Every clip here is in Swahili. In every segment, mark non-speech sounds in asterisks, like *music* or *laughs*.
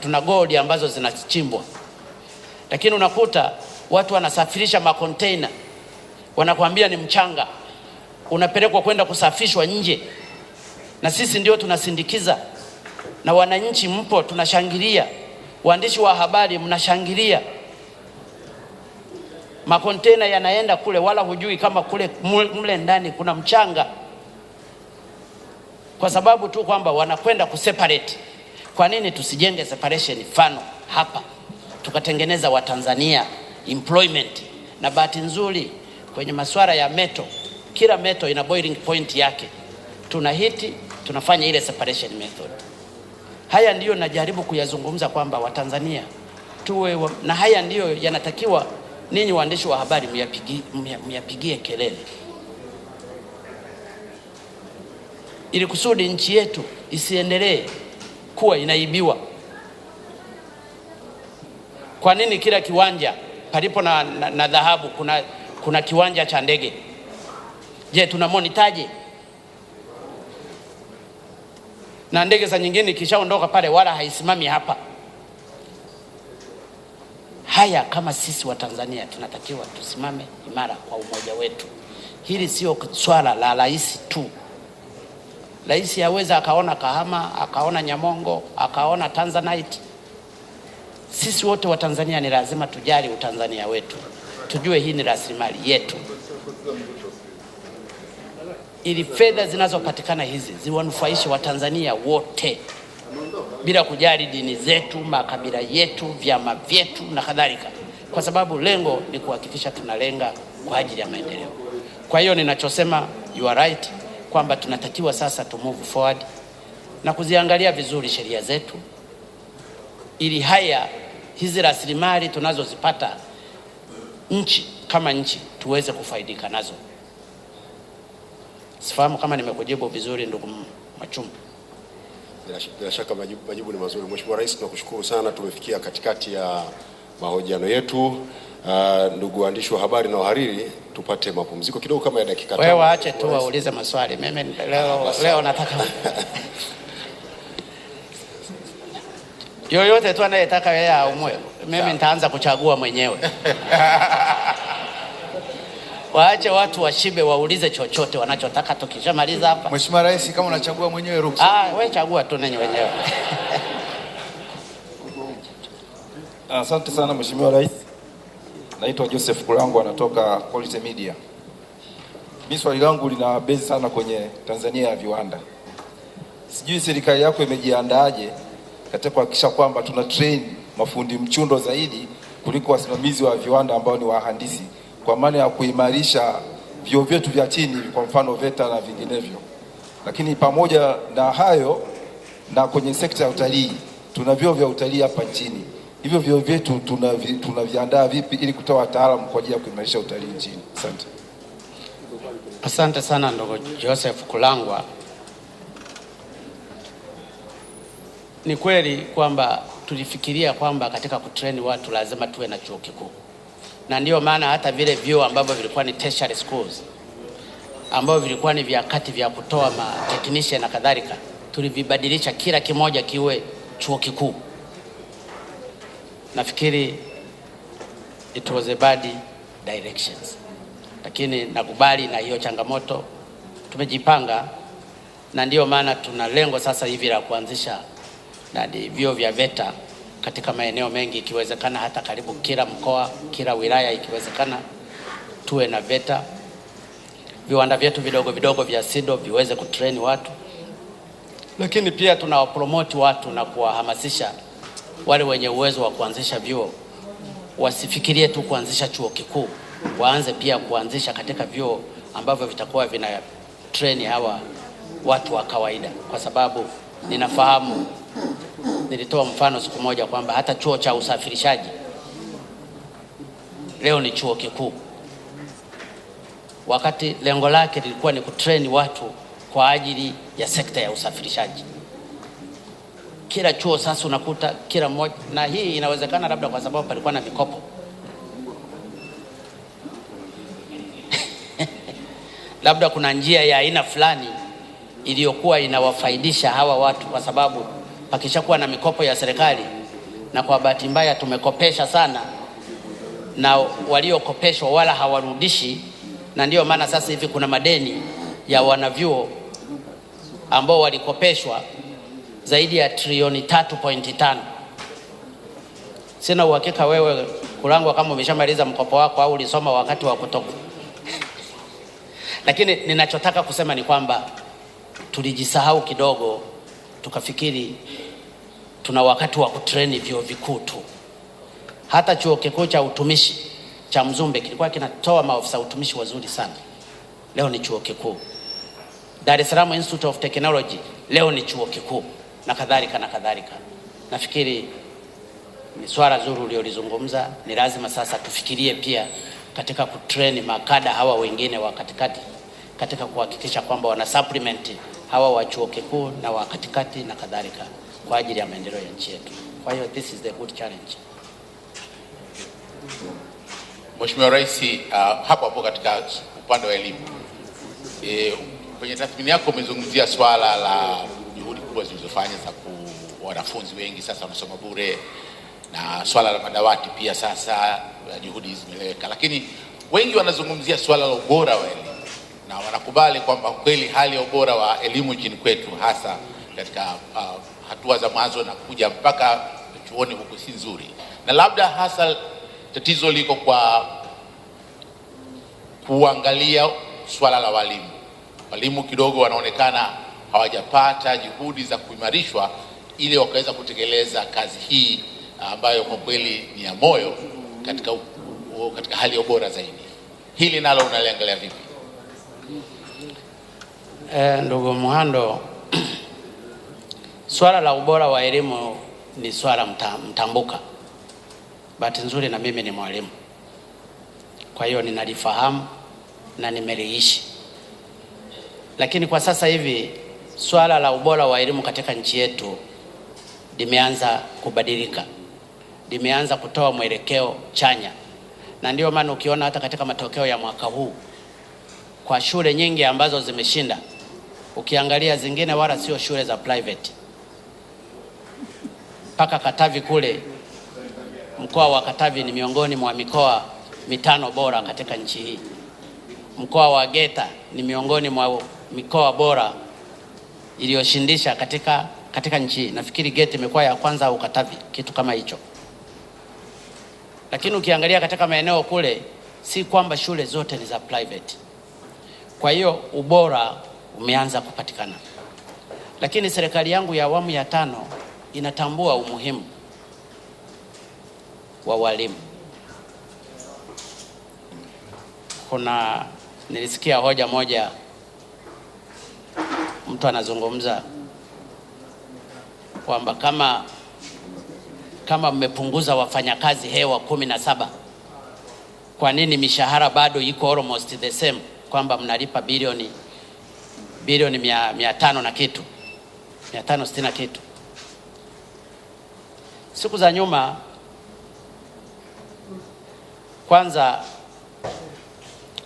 Tuna gold ambazo zinachimbwa, lakini unakuta watu wanasafirisha makonteina, wanakuambia ni mchanga, unapelekwa kwenda kusafishwa nje, na sisi ndio tunasindikiza, na wananchi mpo, tunashangilia, waandishi wa habari mnashangilia makontena yanaenda kule, wala hujui kama kule mle ndani kuna mchanga kwa sababu tu kwamba wanakwenda kuseparate. Kwa nini tusijenge separation mfano hapa tukatengeneza Watanzania employment? Na bahati nzuri kwenye masuala ya meto, kila meto ina boiling point yake, tuna hiti tunafanya ile separation method. Haya ndiyo najaribu kuyazungumza kwamba Watanzania tuwe wa, na haya ndiyo yanatakiwa ninyi waandishi wa habari myapigie, myapigie kelele. ili kusudi nchi yetu isiendelee kuwa inaibiwa. Kwa nini kila kiwanja palipo na, na, na dhahabu kuna, kuna kiwanja cha ndege? Je, tuna monitaje? Na ndege za nyingine ikishaondoka pale wala haisimami hapa. Haya, kama sisi Watanzania tunatakiwa tusimame imara kwa umoja wetu. Hili sio swala la rais tu. Rais aweza akaona Kahama, akaona Nyamongo, akaona Tanzanite. Sisi wote wa Tanzania ni lazima tujali utanzania wetu, tujue hii ni rasilimali yetu, ili fedha zinazopatikana hizi ziwanufaishe Watanzania wote bila kujali dini zetu, makabila yetu, vyama vyetu na kadhalika, kwa sababu lengo ni kuhakikisha tunalenga kwa ajili ya maendeleo. Kwa hiyo ninachosema, you are right kwamba tunatakiwa sasa to move forward na kuziangalia vizuri sheria zetu ili haya hizi rasilimali tunazozipata nchi kama nchi tuweze kufaidika nazo. Sifahamu kama nimekujibu vizuri ndugu Machumba. Bila shaka majibu, majibu ni mazuri. Mheshimiwa Rais, tunakushukuru sana. Tumefikia katikati ya mahojiano yetu. Uh, ndugu waandishi wa habari na wahariri, tupate mapumziko kidogo kama ya dakika tano. Wewe waache tu waulize maswali, mimi leo, ah, leo nataka yoyote tu anayetaka yeye aumwe, mimi nitaanza kuchagua mwenyewe *laughs* waache watu washibe, waulize chochote wanachotaka, tukishamaliza hapa. Mheshimiwa Rais, kama unachagua mwenyewe ruhusa. Ah, wewe chagua tu nenye wenyewe. *laughs* Asante sana Mheshimiwa Rais. Naitwa Joseph Kulango anatoka Quality Media. Mimi swali langu lina base sana kwenye Tanzania ya viwanda. Sijui serikali yako imejiandaaje katika kuhakikisha kwamba tuna train mafundi mchundo zaidi kuliko wasimamizi wa viwanda ambao ni wahandisi, kwa maana ya kuimarisha vyuo vyetu vya chini, kwa mfano VETA na vinginevyo. Lakini pamoja na hayo, na kwenye sekta ya utalii, tuna vyuo vya utalii hapa nchini hivyo vyuo vyetu tunaviandaa vipi ili kutoa wataalamu kwa ajili ya kuimarisha utalii nchini? Asante. Asante sana ndugu Joseph Kulangwa. Ni kweli kwamba tulifikiria kwamba katika kutreni watu lazima tuwe na chuo kikuu, na ndiyo maana hata vile vyuo ambavyo vilikuwa ni tertiary schools ambavyo vilikuwa ni vya kati vya kutoa ma technician na kadhalika, tulivibadilisha kila kimoja kiwe chuo kikuu nafikiri it was a bad directions, lakini nakubali na hiyo changamoto tumejipanga, na ndiyo maana tuna lengo sasa hivi la kuanzisha nadi vyuo vya VETA katika maeneo mengi, ikiwezekana hata karibu kila mkoa, kila wilaya, ikiwezekana tuwe na VETA, viwanda vyetu vidogo vidogo vya SIDO viweze kutrain watu, lakini pia tunawapromoti watu na kuwahamasisha wale wenye uwezo wa kuanzisha vyuo wasifikirie tu kuanzisha chuo kikuu, waanze pia kuanzisha katika vyuo ambavyo vitakuwa vina treni hawa watu wa kawaida, kwa sababu ninafahamu, nilitoa mfano siku moja kwamba hata chuo cha usafirishaji leo ni chuo kikuu, wakati lengo lake lilikuwa ni kutreni watu kwa ajili ya sekta ya usafirishaji kila chuo sasa unakuta kila mmoja, na hii inawezekana labda kwa sababu palikuwa na mikopo *laughs* labda kuna njia ya aina fulani iliyokuwa inawafaidisha hawa watu, kwa sababu pakishakuwa na mikopo ya serikali, na kwa bahati mbaya tumekopesha sana, na waliokopeshwa wala hawarudishi, na ndiyo maana sasa hivi kuna madeni ya wanavyuo ambao walikopeshwa zaidi ya trilioni 3.5. Sina uhakika wewe Kulangwa kama umeshamaliza mkopo wako au ulisoma wakati wa kutoka, lakini ninachotaka kusema ni kwamba tulijisahau kidogo, tukafikiri tuna wakati wa kutreni vyuo vikuu tu. Hata chuo kikuu cha utumishi cha Mzumbe kilikuwa kinatoa maofisa utumishi wazuri sana, leo ni chuo kikuu. Dar es Salaam Institute of Technology leo ni chuo kikuu na kadhalika na kadhalika. Nafikiri ni swala zuri uliolizungumza. Ni lazima sasa tufikirie pia katika kutreni makada hawa wengine wa katikati katika kuhakikisha kwamba wana supplement hawa wa chuo kikuu na wa katikati na kadhalika kwa ajili ya maendeleo ya nchi yetu. Kwa hiyo this is the good challenge. Mheshimiwa Rais, uh, hapo hapo katika upande wa elimu e, kwenye tathmini yako umezungumzia swala la kubwa zilizofanya za ku wanafunzi wengi sasa wanasoma bure na swala la madawati pia sasa eh, juhudi hizi zimeleweka, lakini wengi wanazungumzia swala la ubora wa elimu na wanakubali kwamba kweli hali ya ubora wa elimu nchini kwetu hasa katika uh, hatua za mwanzo na kuja mpaka chuoni huku si nzuri, na labda hasa tatizo liko kwa kuangalia swala la walimu. Walimu kidogo wanaonekana hawajapata juhudi za kuimarishwa ili wakaweza kutekeleza kazi hii ambayo kwa kweli ni ya moyo katika, katika hali ya ubora zaidi. Hili nalo unaliangalia vipi? Eh, ndugu Mhando, *clears throat* swala la ubora wa elimu ni swala mtambuka. Bahati nzuri na mimi ni mwalimu, kwa hiyo ninalifahamu na nimeliishi, lakini kwa sasa hivi swala la ubora wa elimu katika nchi yetu limeanza kubadilika, limeanza kutoa mwelekeo chanya, na ndiyo maana ukiona hata katika matokeo ya mwaka huu kwa shule nyingi ambazo zimeshinda, ukiangalia zingine wala sio shule za private. Mpaka Katavi kule, mkoa wa Katavi ni miongoni mwa mikoa mitano bora katika nchi hii. Mkoa wa geta ni miongoni mwa mikoa bora iliyoshindisha katika, katika nchi. Nafikiri geti imekuwa ya kwanza au Katavi, kitu kama hicho. Lakini ukiangalia katika maeneo kule, si kwamba shule zote ni za private, kwa hiyo ubora umeanza kupatikana. Lakini serikali yangu ya awamu ya tano inatambua umuhimu wa walimu. Kuna nilisikia hoja moja mtu anazungumza kwamba kama kama mmepunguza wafanyakazi hewa kumi na saba, kwa nini mishahara bado iko almost the same, kwamba mnalipa bilioni bilioni mia, mia tano na kitu mia tano sitini na kitu. Siku za nyuma kwanza,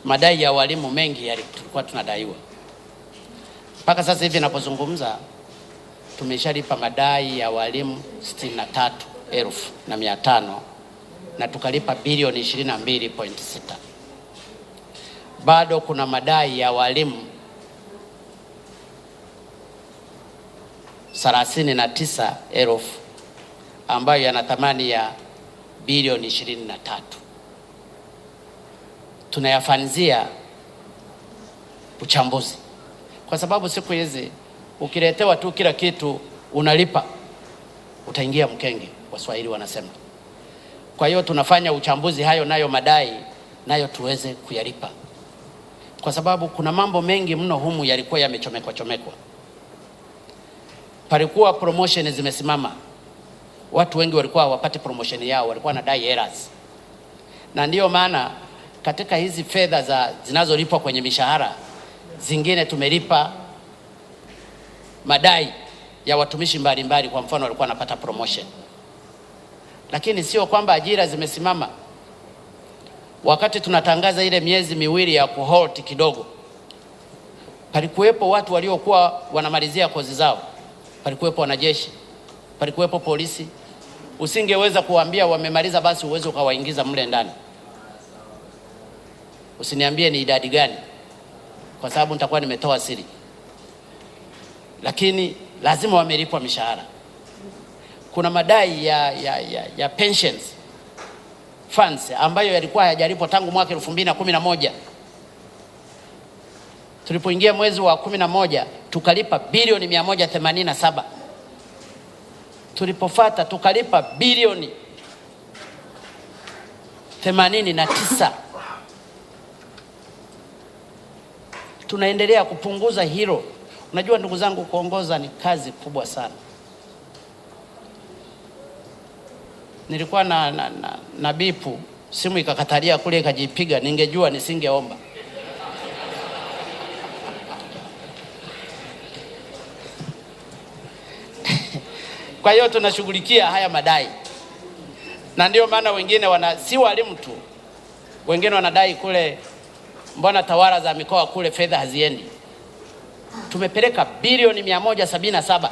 madai ya walimu mengi yalikuwa tunadaiwa mpaka sasa hivi napozungumza tumeshalipa madai ya walimu sitini na tatu elfu na mia tano na tukalipa bilioni 22.6. Bado kuna madai ya walimu 39 elfu ambayo yana thamani ya bilioni 23. Tunayafanzia uchambuzi kwa sababu siku hizi ukiletewa tu kila kitu unalipa, utaingia mkenge, waswahili wanasema. Kwa hiyo tunafanya uchambuzi, hayo nayo madai nayo tuweze kuyalipa, kwa sababu kuna mambo mengi mno humu yalikuwa yamechomekwa chomekwa. Palikuwa promotion zimesimama, watu wengi walikuwa hawapati promotion yao, walikuwa wanadai errors, na ndiyo maana katika hizi fedha za zinazolipwa kwenye mishahara zingine tumelipa madai ya watumishi mbalimbali, kwa mfano walikuwa wanapata promotion, lakini sio kwamba ajira zimesimama. Wakati tunatangaza ile miezi miwili ya kuhold kidogo, palikuwepo watu waliokuwa wanamalizia kozi zao, palikuwepo wanajeshi, palikuwepo polisi. Usingeweza kuwaambia wamemaliza, basi uweze ukawaingiza mle ndani. Usiniambie ni idadi gani kwa sababu nitakuwa nimetoa siri, lakini lazima wamelipwa mishahara. Kuna madai ya, ya, ya, ya pensions funds ambayo yalikuwa hayajalipwa tangu mwaka moja tulipoingia mwezi wa 11 tukalipa bilioni 187 tulipofata tukalipa bilioni 89. tunaendelea kupunguza hilo. Unajua ndugu zangu, kuongoza ni kazi kubwa sana. Nilikuwa na, na, na, na bipu simu ikakatalia kule ikajipiga, ningejua nisingeomba. *laughs* Kwa hiyo tunashughulikia haya madai, na ndio maana wengine wana si walimu tu, wengine wanadai kule mbona tawala za mikoa kule fedha haziendi? Tumepeleka bilioni 177.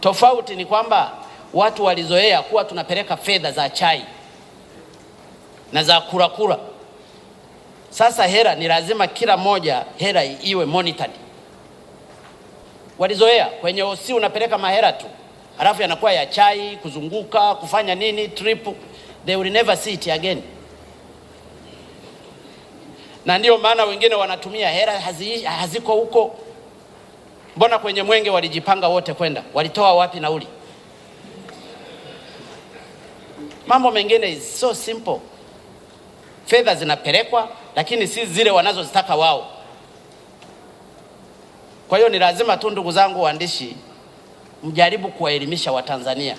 Tofauti ni kwamba watu walizoea kuwa tunapeleka fedha za chai na za kurakura kura. Sasa hera ni lazima kila moja hera iwe monitored. Walizoea kwenye osi unapeleka mahera tu, halafu yanakuwa ya chai, kuzunguka, kufanya nini, trip. They will never see it again na ndiyo maana wengine wanatumia hela hazi, haziko huko. Mbona kwenye mwenge walijipanga wote kwenda, walitoa wapi nauli? Mambo mengine is so simple, fedha zinapelekwa lakini si zile wanazozitaka wao. Kwa hiyo ni lazima tu, ndugu zangu waandishi, mjaribu kuwaelimisha Watanzania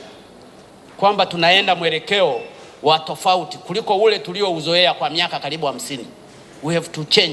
kwamba tunaenda mwelekeo wa tofauti kuliko ule tuliouzoea kwa miaka karibu hamsini. we have to change.